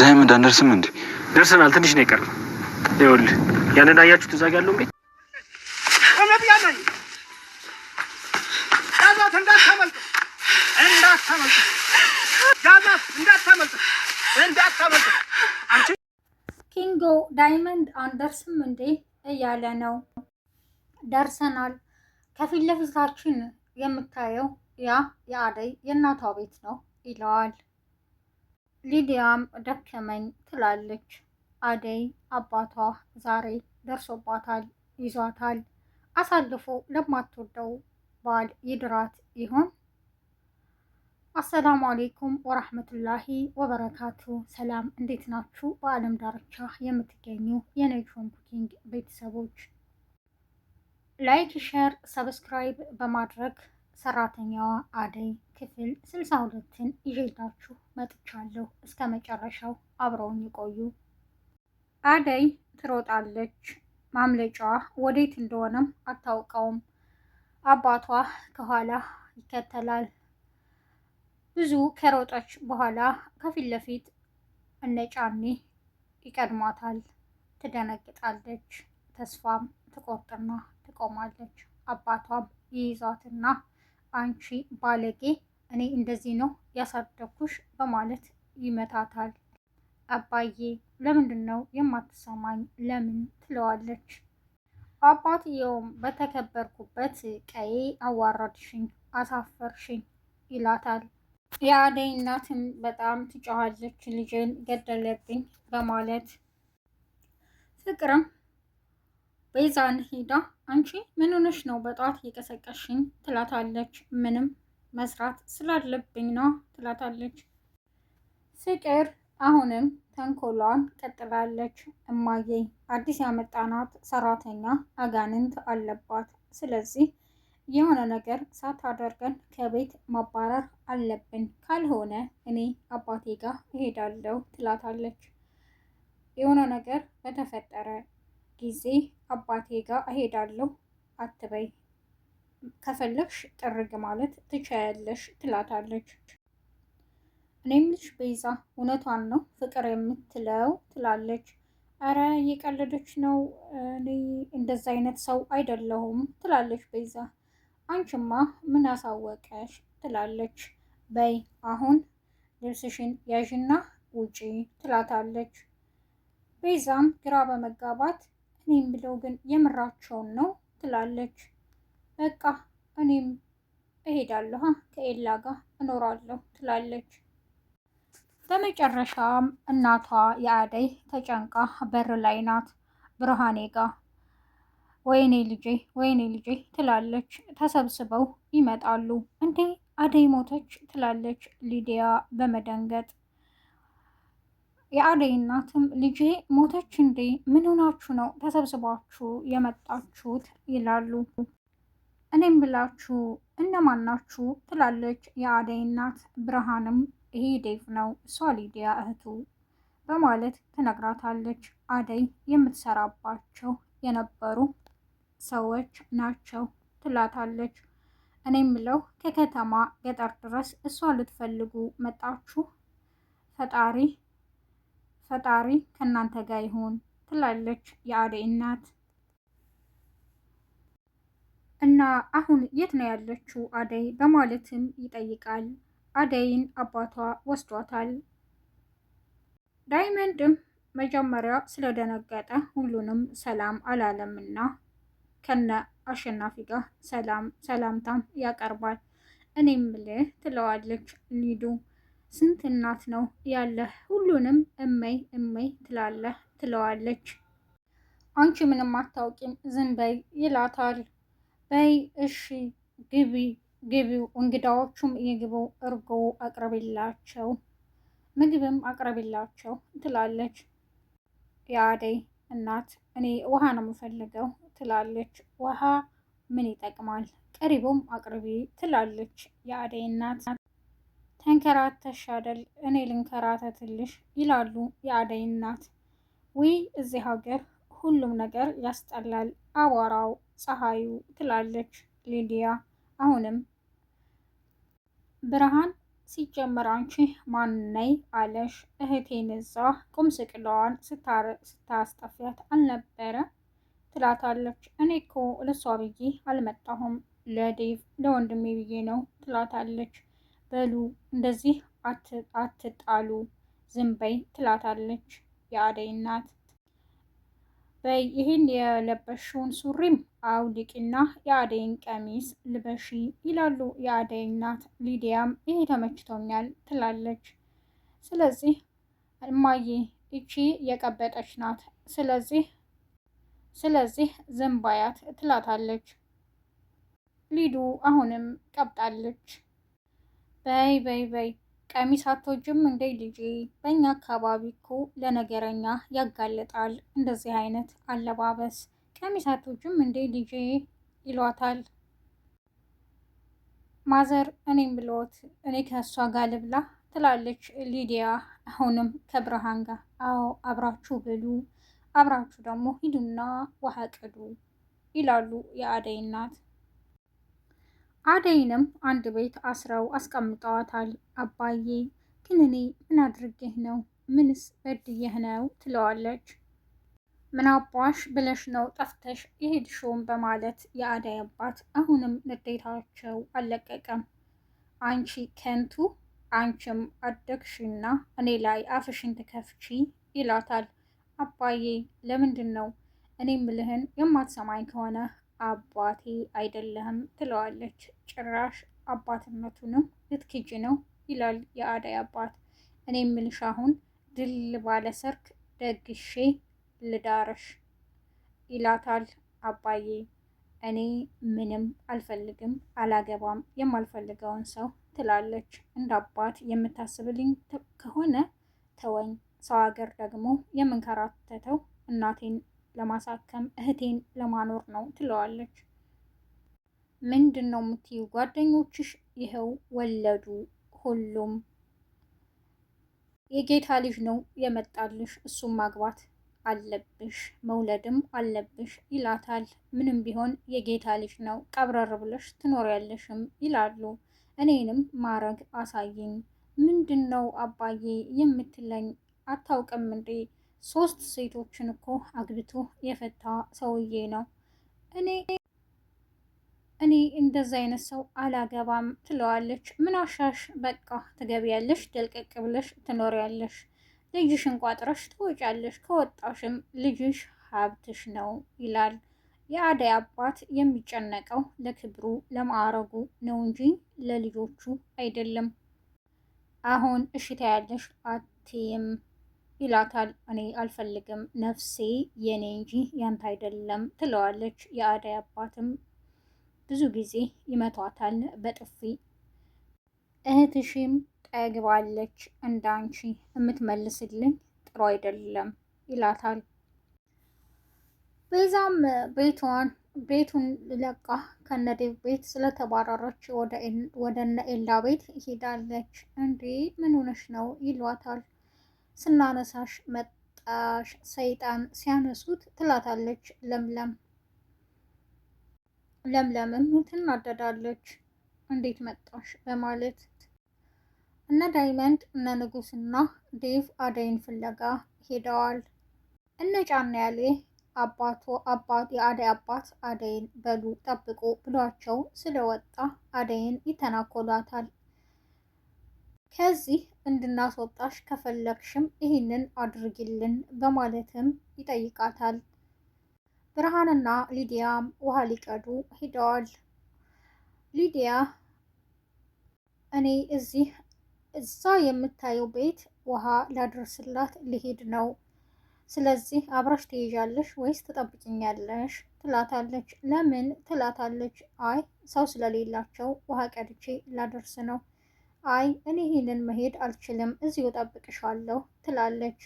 ዳይመንድ አንደርስም እንዴ? ደርሰናል። ትንሽ ነው የቀረው። ይኸውልህ ያንን አያችሁት እዛ ያለው እንዴ? ኪንጎ ዳይመንድ አንደርስም እንዴ እያለ ነው። ደርሰናል። ከፊት ለፊታችን የምታየው ያ የአደይ የእናቷ ቤት ነው ይለዋል። ሊዲያም ደከመኝ ትላለች። አደይ አባቷ ዛሬ ደርሶባታል፣ ይዟታል። አሳልፎ ለማትወደው ባል ይድራት ይሆን? አሰላሙ አሌይኩም ወራህመቱላሂ ወበረካቱ። ሰላም እንዴት ናችሁ? በዓለም ዳርቻ የምትገኙ የነጅን ኩኪንግ ቤተሰቦች ላይክ፣ ሸር፣ ሰብስክራይብ በማድረግ ሰራተኛዋ አደይ ክፍል ስልሳ ሁለትን ይዤላችሁ መጥቻለሁ። እስከ መጨረሻው አብረውን ይቆዩ። አደይ ትሮጣለች። ማምለጫዋ ወዴት እንደሆነም አታውቀውም። አባቷ ከኋላ ይከተላል። ብዙ ከሮጠች በኋላ ከፊት ለፊት እነጫኔ ይቀድሟታል። ትደነግጣለች። ተስፋም ትቆርጥና ትቆማለች። አባቷም ይይዛትና አንቺ ባለጌ፣ እኔ እንደዚህ ነው ያሳደኩሽ በማለት ይመታታል። አባዬ ለምንድን ነው የማትሰማኝ? ለምን ትለዋለች። አባትየውም በተከበርኩበት ቀዬ አዋረድሽኝ፣ አሳፈርሽኝ ይላታል። የአደይ እናትም በጣም ትጮኻለች፣ ልጅን ገደለብኝ በማለት ፍቅርም ቤዛን ሂዳ አንቺ ምን ሆነሽ ነው በጠዋት እየቀሰቀሽኝ? ትላታለች። ምንም መስራት ስላለብኝ ነው ትላታለች። ፍቅር አሁንም ተንኮሏን ቀጥላለች። እማዬ አዲስ ያመጣናት ሰራተኛ አጋንንት አለባት። ስለዚህ የሆነ ነገር ሳታደርገን ከቤት ማባረር አለብን፣ ካልሆነ እኔ አባቴ ጋር እሄዳለሁ ትላታለች። የሆነ ነገር በተፈጠረ ጊዜ አባቴ ጋር እሄዳለሁ አትበይ፣ ከፈለግሽ ጥርግ ማለት ትቻያለሽ ትላታለች። እኔም ልሽ ቤዛ እውነቷን ነው ፍቅር የምትለው ትላለች። አረ እየቀለደች ነው፣ እኔ እንደዛ አይነት ሰው አይደለሁም ትላለች ቤዛ። አንቺማ ምን አሳወቀሽ ትላለች። በይ አሁን ልብስሽን ያዥና ውጪ ትላታለች። ቤዛም ግራ በመጋባት እኔም ብለው ግን የምራቸውን ነው ትላለች። በቃ እኔም እሄዳለሁ ከኤላ ጋር እኖራለሁ ትላለች። በመጨረሻም እናቷ የአደይ ተጨንቃ በር ላይ ናት ብርሃኔ ጋር ወይኔ ልጄ ወይኔ ልጄ ትላለች። ተሰብስበው ይመጣሉ። እንዴ አደይ ሞተች ትላለች ሊዲያ በመደንገጥ የአደይ እናትም ልጄ ሞተች እንዴ? ምን ሆናችሁ ነው ተሰብስባችሁ የመጣችሁት? ይላሉ። እኔም ብላችሁ እነማን ናችሁ? ትላለች የአደይ እናት። ብርሃንም ይሄ ዴቭ ነው፣ እሷ ሊዲያ እህቱ በማለት ትነግራታለች። አደይ የምትሰራባቸው የነበሩ ሰዎች ናቸው ትላታለች። እኔም ብለው ከከተማ ገጠር ድረስ እሷ ልትፈልጉ መጣችሁ? ፈጣሪ ፈጣሪ ከእናንተ ጋር ይሁን ትላለች የአደይ እናት። እና አሁን የት ነው ያለችው አደይ በማለትም ይጠይቃል። አደይን አባቷ ወስዷታል። ዳይመንድም መጀመሪያ ስለደነገጠ ሁሉንም ሰላም አላለምና ከነ አሸናፊ ጋር ሰላም ሰላምታም ያቀርባል። እኔም ልህ ትለዋለች ሊዱ ስንት እናት ነው ያለህ? ሁሉንም እመይ እመይ ትላለህ ትለዋለች። አንቺ ምንም አታውቂም ዝም በይ ይላታል። በይ እሺ ግቢ ግቢው እንግዳዎቹም የግቡ እርጎ አቅርቢላቸው ምግብም አቅርቢላቸው ትላለች። የአደይ እናት እኔ ውሃ ነው የምፈልገው ትላለች። ውሃ ምን ይጠቅማል? ቀሪቡም አቅርቢ ትላለች የአደይ እናት። ተንከራተሽ አይደል እኔ ልንከራተትልሽ ይላሉ የአደይ እናት። ውይ እዚህ ሀገር ሁሉም ነገር ያስጠላል፣ አቧራው፣ ፀሐዩ ትላለች ሊዲያ። አሁንም ብርሃን ሲጀመር አንቺ ማነይ አለሽ? እህቴን እዛ ቁም ስቅለዋን ስታስጠፊያት አልነበረ ትላታለች። እኔ እኮ ለሷ ብዬ አልመጣሁም ለዴቭ ለወንድሜ ብዬ ነው ትላታለች። በሉ እንደዚህ አትጣሉ ዝም በይ ትላታለች የአደይ እናት። በይ ይህን የለበሽውን ሱሪም አውልቂና የአደይን ቀሚስ ልበሺ ይላሉ የአደይ እናት። ሊዲያም ይሄ ተመችቶኛል ትላለች። ስለዚህ እማዬ እቺ የቀበጠች ናት፣ ስለዚህ ስለዚህ ዝም ባያት ትላታለች። ሊዱ አሁንም ቀብጣለች። በይ በይ በይ ቀሚስ አትወጂም እንዴ ልጄ? በእኛ አካባቢ እኮ ለነገረኛ ያጋልጣል እንደዚህ አይነት አለባበስ። ቀሚስ አትወጂም እንዴ ልጄ ይሏታል። ማዘር እኔም ብሎት እኔ ከእሷ ጋር ልብላ ትላለች ሊዲያ አሁንም ከብርሃን ጋር። አዎ አብራችሁ ብሉ፣ አብራችሁ ደግሞ ሂዱና ውሃ ቅዱ ይላሉ የአደይ እናት። አደይንም አንድ ቤት አስረው አስቀምጠዋታል። አባዬ ግን እኔ ምን አድርጌህ ነው? ምንስ በድዬህ ነው? ትለዋለች። ምን አባሽ ብለሽ ነው ጠፍተሽ የሄድሽውን? በማለት የአደይ አባት አሁንም ንዴታቸው አልለቀቀም። አንቺ ከንቱ፣ አንቺም አደግሽና እኔ ላይ አፍሽን ትከፍቺ ይላታል። አባዬ ለምንድን ነው እኔ ምልህን የማትሰማኝ ከሆነ አባቴ አይደለህም ትለዋለች። ጭራሽ አባትነቱንም ልትክጅ ነው ይላል የአዳይ አባት። እኔ ምልሽ አሁን ድል ባለ ሰርክ ደግሼ ልዳረሽ ይላታል። አባዬ እኔ ምንም አልፈልግም፣ አላገባም የማልፈልገውን ሰው ትላለች። እንደ አባት የምታስብልኝ ከሆነ ተወኝ፣ ሰው ሀገር ደግሞ የምንከራተተው እናቴን ለማሳከም እህቴን ለማኖር ነው ትለዋለች። ምንድን ነው የምትዩ? ጓደኞችሽ ይኸው ወለዱ። ሁሉም የጌታ ልጅ ነው የመጣልሽ፣ እሱም ማግባት አለብሽ መውለድም አለብሽ ይላታል። ምንም ቢሆን የጌታ ልጅ ነው፣ ቀብረር ብለሽ ትኖሪያለሽም ይላሉ። እኔንም ማረግ አሳይኝ፣ ምንድን ነው አባዬ የምትለኝ አታውቅም እንዴ? ሶስት ሴቶችን እኮ አግብቶ የፈታ ሰውዬ ነው። እኔ እኔ እንደዛ አይነት ሰው አላገባም ትለዋለች። ምን አሻሽ በቃ ትገቢያለሽ፣ ደልቀቅ ብለሽ ትኖሪያለሽ፣ ልጅሽን ቋጥረሽ ትወጫለሽ፣ ከወጣሽም ልጅሽ ሀብትሽ ነው ይላል። የአደይ አባት የሚጨነቀው ለክብሩ ለማዕረጉ ነው እንጂ ለልጆቹ አይደለም። አሁን እሽታ ያለሽ አትይም ይላታል። እኔ አልፈልግም ነፍሴ የኔ እንጂ ያንተ አይደለም ትለዋለች። የአደይ አባትም ብዙ ጊዜ ይመቷታል በጥፊ። እህትሽም ጠግባለች አንቺ የምትመልስልኝ ጥሩ አይደለም ይላታል። በዛም ቤቷን ቤቱን ለቃ ከነዴቭ ቤት ስለተባረረች ወደ እነ ኤላ ቤት ሄዳለች እንዴ ምን ሆነሽ ነው ይሏታል። ስናነሳሽ መጣሽ ሰይጣን ሲያነሱት ትላታለች ለምለም። ለምለምም ትናደዳለች እንዴት መጣሽ በማለት እነ ዳይመንድ እነ ንጉስና ዴቭ አደይን ፍለጋ ሄደዋል። እነ ጫና ያሌ አባቶ አባት የአደይ አባት አደይን በሉ ጠብቁ ብሏቸው ስለወጣ አደይን ይተናኮሏታል። ከዚህ እንድናስወጣሽ ከፈለግሽም ይህንን አድርጊልን በማለትም ይጠይቃታል። ብርሃንና ሊዲያም ውሃ ሊቀዱ ሂደዋል። ሊዲያ እኔ እዚህ እዛ የምታየው ቤት ውሃ ላደርስላት ሊሄድ ነው። ስለዚህ አብረሽ ትይዣለሽ ወይስ ትጠብቅኛለሽ? ትላታለች። ለምን ትላታለች። አይ ሰው ስለሌላቸው ውሃ ቀድቼ ላደርስ ነው አይ እኔ ይህንን መሄድ አልችልም፣ እዚሁ ጠብቅሻለሁ ትላለች።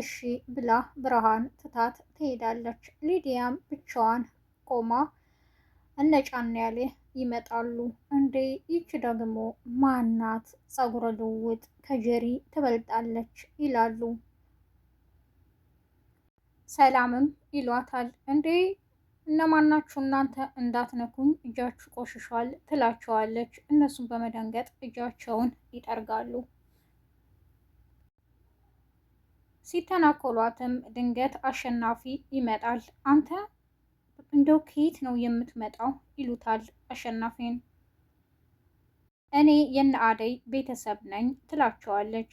እሺ ብላ ብርሃን ትታት ትሄዳለች። ሊዲያም ብቻዋን ቆማ እነጫና ያለ ይመጣሉ። እንዴ ይቺ ደግሞ ማናት? ጸጉረ ልውጥ ከጀሪ ትበልጣለች ይላሉ። ሰላምም ይሏታል። እንዴ እነማናችሁ እናንተ እንዳትነኩኝ እጃችሁ ቆሽሿል ትላቸዋለች። እነሱም በመደንገጥ እጃቸውን ይጠርጋሉ። ሲተናኮሏትም ድንገት አሸናፊ ይመጣል። አንተ እንደው ከየት ነው የምትመጣው? ይሉታል አሸናፊን። እኔ የነአደይ ቤተሰብ ነኝ ትላቸዋለች።